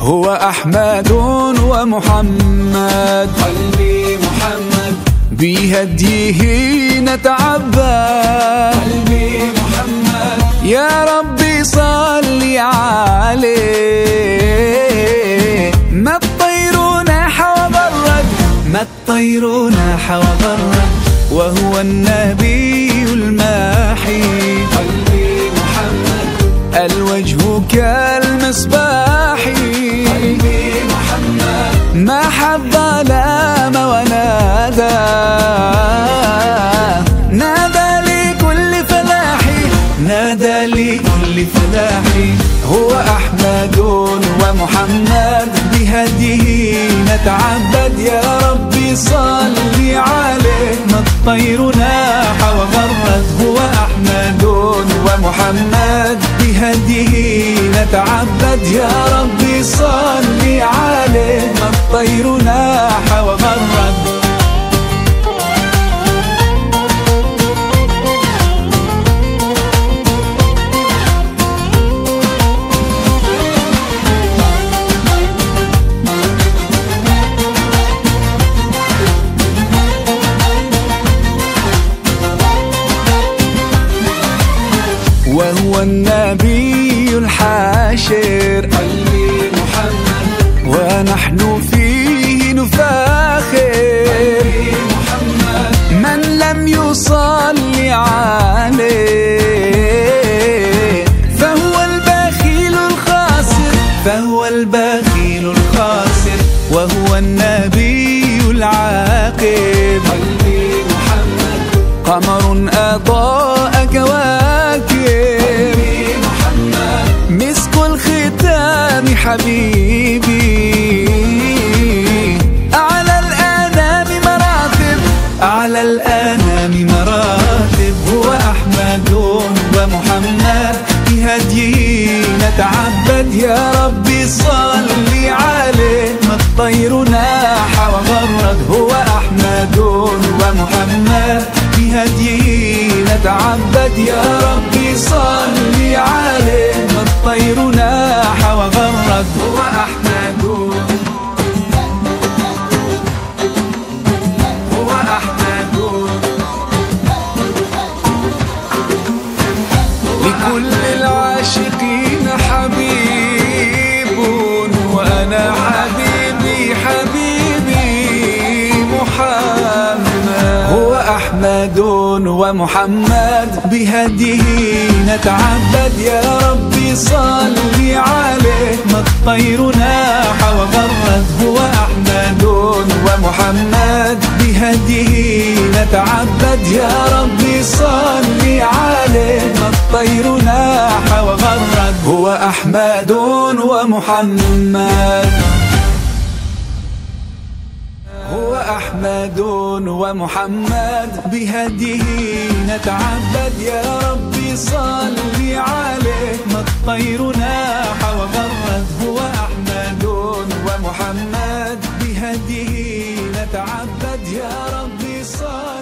هو أحمد ومحمد قلبي محمد بهديه نتعبد قلبي محمد خيرنا حوضرنا وهو النبي الماحي قلبي محمد الوجه كالمصباح قلبي محمد ما حب ظلام ونادى نادى لكل فلاحي نادى لكل فلاحي هو أحمد ومحمد بهديه نتعبد يا رب نصلي عليه ما الطير ناح وغرد هو أحمد ومحمد بهديه نتعبد يا ربي صلي عليه ما الطير ناح وغرد عاشر قلبي محمد ونحن فيه نفاخر قلبي محمد من لم يصلي عليه فهو البخيل الخاسر فهو البخيل الخاسر وهو النبي العاقب قلبي محمد قمر أضاء قدامي حبيبي على الانام مراتب على الانام مراتب هو أحمد ومحمد بهدينا نتعبد يا ربي صلي عليه ما الطير ناح وغرد هو أحمد ومحمد بهدينا نتعبد يا ربي صلي عليه غيرنا حوى غرت أحمد ومحمد بهديه نتعبد يا ربي صل عليه ما الطير ناح وغرد هو أحمد ومحمد بهديه نتعبد يا ربي صل عليه ما الطير ناح وغرد هو أحمد ومحمد محمد ومحمد بهديه نتعبد يا ربي صل عليه ما الطير ناح وغرد هو أحمد ومحمد بهديه نتعبد يا ربي صلي